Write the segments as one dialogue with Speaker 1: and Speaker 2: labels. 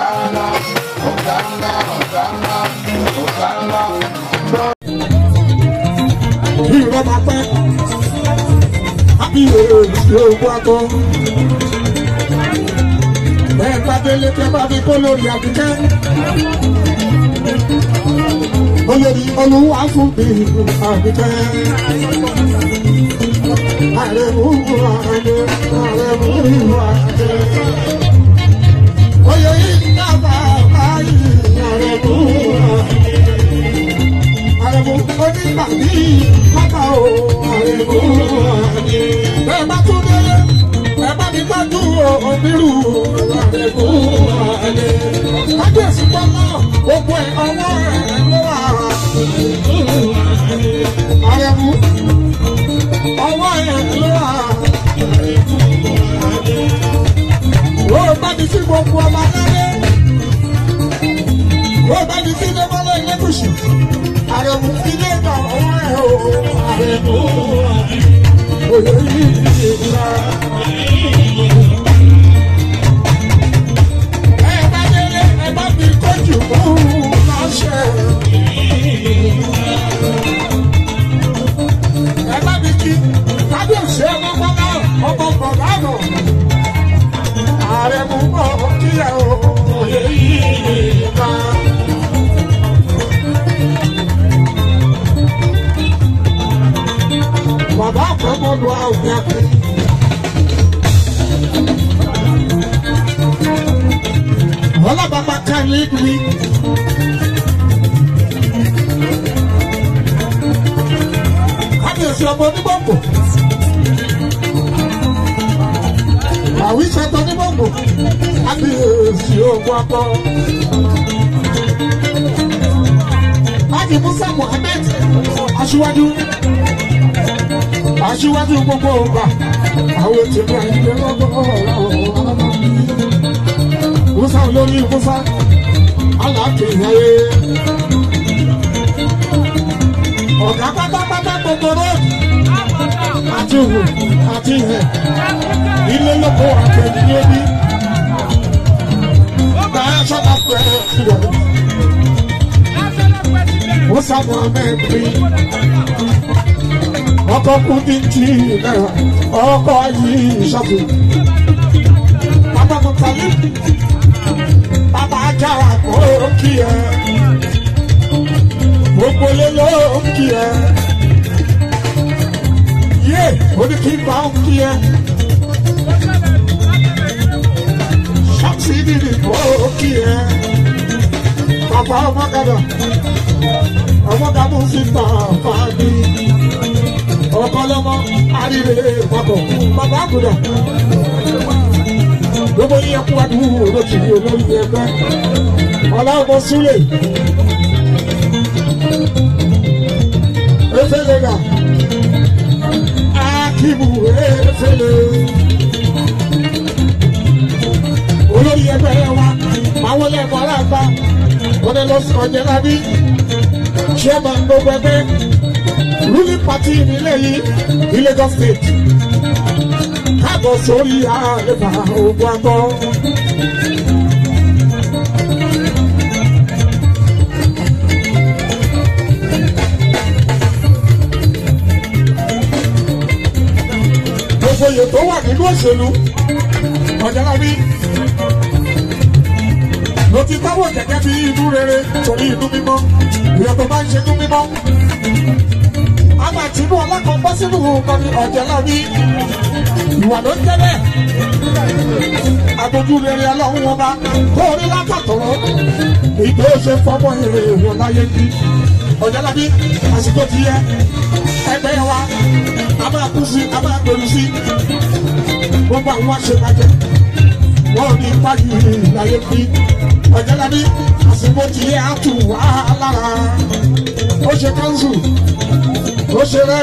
Speaker 1: Hosanna, Hosanna, Hosanna, Hosanna. Ìrọ̀ máa pẹ́, àbí èrè òkú akọ. Bẹ́ẹ̀ bá délé tẹ́ bá fi kó lórí àdìjẹ́. Olórí olúwa fún mi tàbí kọ́bà o àrẹ̀gùn ni. ẹ má tún dé ẹ bá mi gbádùn òmírù àrẹ̀gùn ni. kábíyèsí gbọ́ náà. ògùn ọkùnrin. ọlọ́pàá ká ní ìpínlẹ̀. kábíyèsí ọmọ onígbòǹgbò. àwíṣẹ́ tó guapo. kábíyèsí ògùn ọkọ. láti musa muhammed aṣíwájú aṣíwájú gbogbo ọgbà àwọn ètò ìlú àyíké lọ́gbọ́ Musa olórí Musa aláàfin ìyáyé ọ̀gá pátápátá kòkòrò àti òwò àti ìhẹ̀ ilé lóko àtẹ̀yìn ní ebi gba aṣọ bá pẹ̀ Musa Muhammed bíi ọkọ kú ní ti náà ọkọ yìí ṣọ́kù. pátákótá ní bàbá ajára kó kí ẹ gbogbo lé ló kí ẹ yé oníkìgbà ó kí ẹ. ṣọ́ọ̀ṣì nìyí kó kí ẹ bàbá ọmọ gàdọ̀ ọmọ gàdọ̀ sí bàbá mi ọ̀kọ́lọ́mọ́ àríwé ìpapọ̀ bàbá àgùdà gbogbo ní ẹkú àdúgbò olókìrí olórí ẹgbẹ́ ọlọ́mọ súlẹ̀ efelega akibu efele olórí ẹgbẹ́ wa máa wọlé ẹ̀kọ́ aláàgbá wọlé lọ́sọ̀ọ́jẹ́ lábí ṣé máa ń gbogbo ẹgbẹ́ ruling party nílé yìí ní Lagos state káàbọ̀ sórí àlefa ogun akọ. gbogbo oyè tó wà nínú òṣèlú ọ̀jọ̀lábí ló ti táwọn kẹ̀kẹ́ bí inú rere torí inú mímọ́ ìyàtọ̀ máa ń ṣe inú mímọ́ àmà tìlú ọlákọ̀ọ́bọ́ sínú kọ́ni ọ̀jẹ̀ náà ní ìwà ló ń tẹ́lẹ̀ àdójú rere ọlọ́run wọn bá kó orí látàtọ̀rọ̀ èyí tó fọ́mọ́ èrè èrò láyé bí ọ̀jẹ̀ àsìkò ti yẹ ẹgbẹ́ wa a máa kú sí a máa gbèrú sí gbogbo àwọn àṣebàjẹ́ ó ní pàjù ìlàyé bí ọ̀jẹ̀lábí àsìkò tí a tù wá lára ó ṣe kánṣu ó ṣe rẹ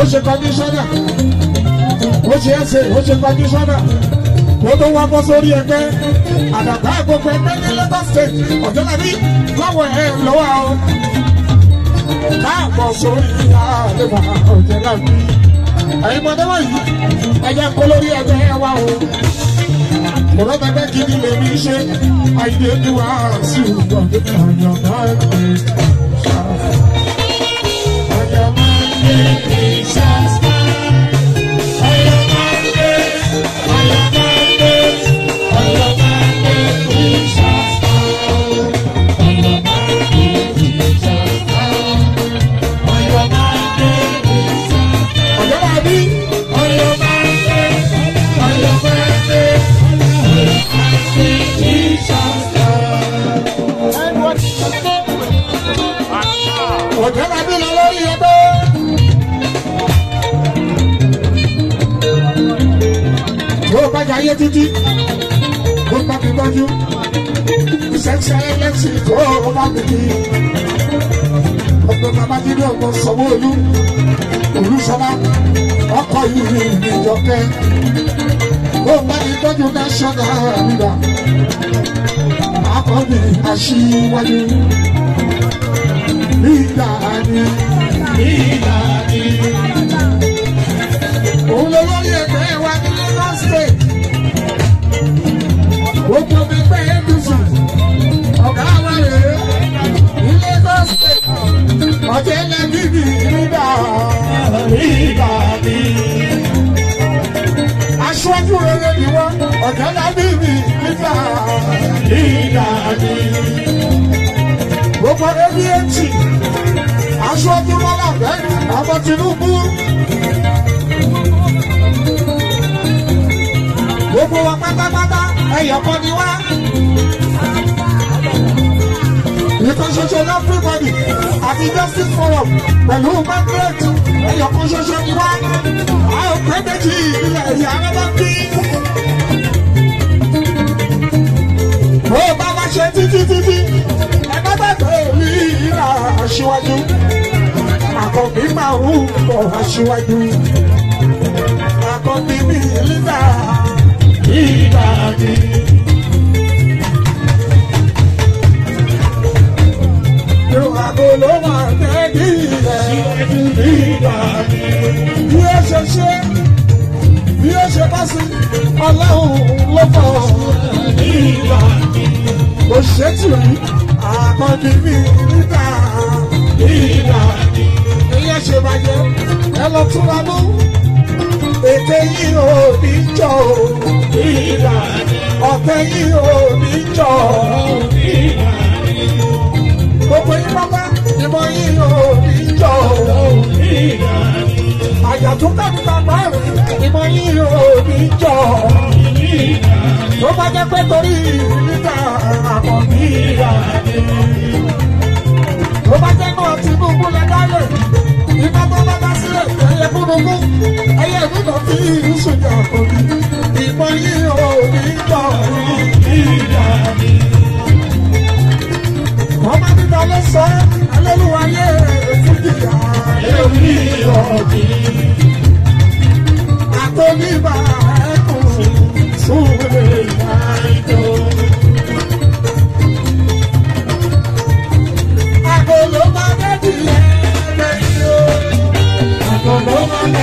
Speaker 1: ó ṣe kọmíṣánná ó ṣe ẹsẹ ó ṣe kọmíṣánná kó tó wá bọ́ sórí ẹgbẹ́ àdàgbà gbogbo ẹgbẹ́ ní Lagos State ọ̀jẹ̀lábí lọ́wọ́ ẹ lọ́wọ́ o káàbọ̀ sórí àlebà ọ̀jẹ̀lábí ẹ̀yin mọ̀dẹ́wọ̀ yìí ẹ̀jẹ̀ kó lórí ẹgbẹ́ wa o ọ̀rọ̀ bàbá gidi lèmi ṣe àìdè ìwà àti ìwà àyànmọ́ ẹ̀kọ́. gbájà ayé títí ó bá mi gbọ́jú ìṣẹ́ṣẹ́ ẹlẹ́sìn tó ó bá mi kí ọgbẹ́ babájídé ọgbọ́n sanwó-olú olúṣọlá ọkọ̀ yìí ní ìjọkẹ́ ó bá mi gbọ́jú national leader akọ́ni aṣíwájú nígbà ni nígbà ni. ìdá mi. gbogbo admt aṣọ tó lọ́la bẹ́ẹ̀ àmọ́ Tinubu. gbogbo wa pátápátá ẹ̀yọ̀ kan ni wá. Ìkan ṣoṣo lọ́fíìmọ̀nì àti justice forum pẹ̀lú margaret ẹ̀yọ̀ kan ṣoṣo ni wá. A ò pẹ́ méjì ìpínlẹ̀ èyí arábá bíi. ṣe títí títí ẹ má gbàgbé mi ìlà aṣíwájú àkọ́bí máa wù kọ́ aṣíwájú àkọ́bí mi ìlà ìlà ni. Yorùbá kò ló máa tẹ́ bí ilẹ̀ ìgbà ni. Bí ó ṣe ṣe bí ó ṣe bá sí ọlọ́run ló fọ̀ ọ́ òṣètù àkọ́bí mi níta níta ilé ṣe bàjẹ́ ẹ lọ tún wa mú ètè yìí ò ní jọ ò níta ọ̀tẹ̀ yìí ò ní jọ ò níta gbogbo yín bàbá ìmọ̀ yìí ò.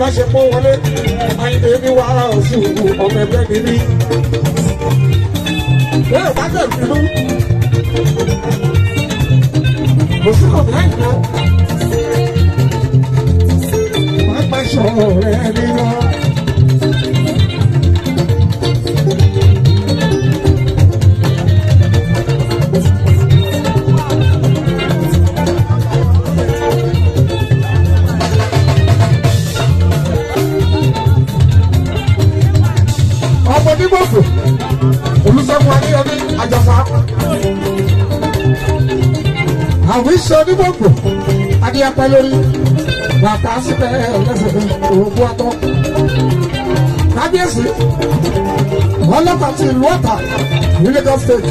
Speaker 1: bá ṣe pọ́ wọlé àyìnbó ní wàhálà oṣù ọmọ ẹgbẹ́ mi rí. wọ́n bá bẹ̀ bínú. kò sí kò bẹ́ẹ̀ má gbàṣọ rẹ̀ nínú. bẹ ẹlẹ́sẹ̀ òògùn atọ́. kábíyèsí ọlọ́pàá ti state.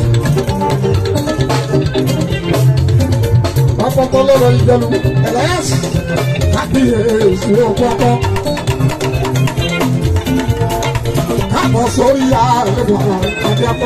Speaker 1: ọ̀pọ̀pọ̀ lọ́rọ̀ ìjọlù ẹ̀lẹ́yàsì kábíyèsí òògùn atọ́. káàbọ̀ sórí ààrẹ bọ̀ àbí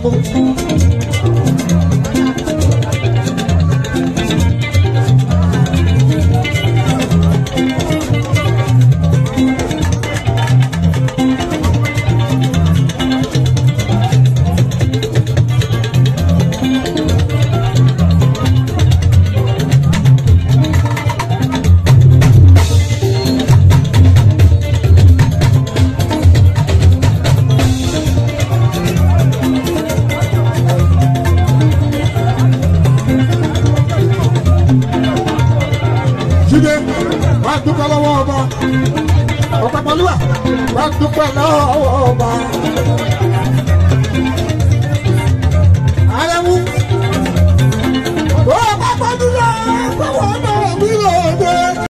Speaker 1: vagabundo dúpẹ́ lọ́wọ́ ọba ọ̀pọ̀pọ̀lúwà wà dúpẹ́ lọ́wọ́ ọba. Àrẹ̀mú, ó bá gbọ́dúrà.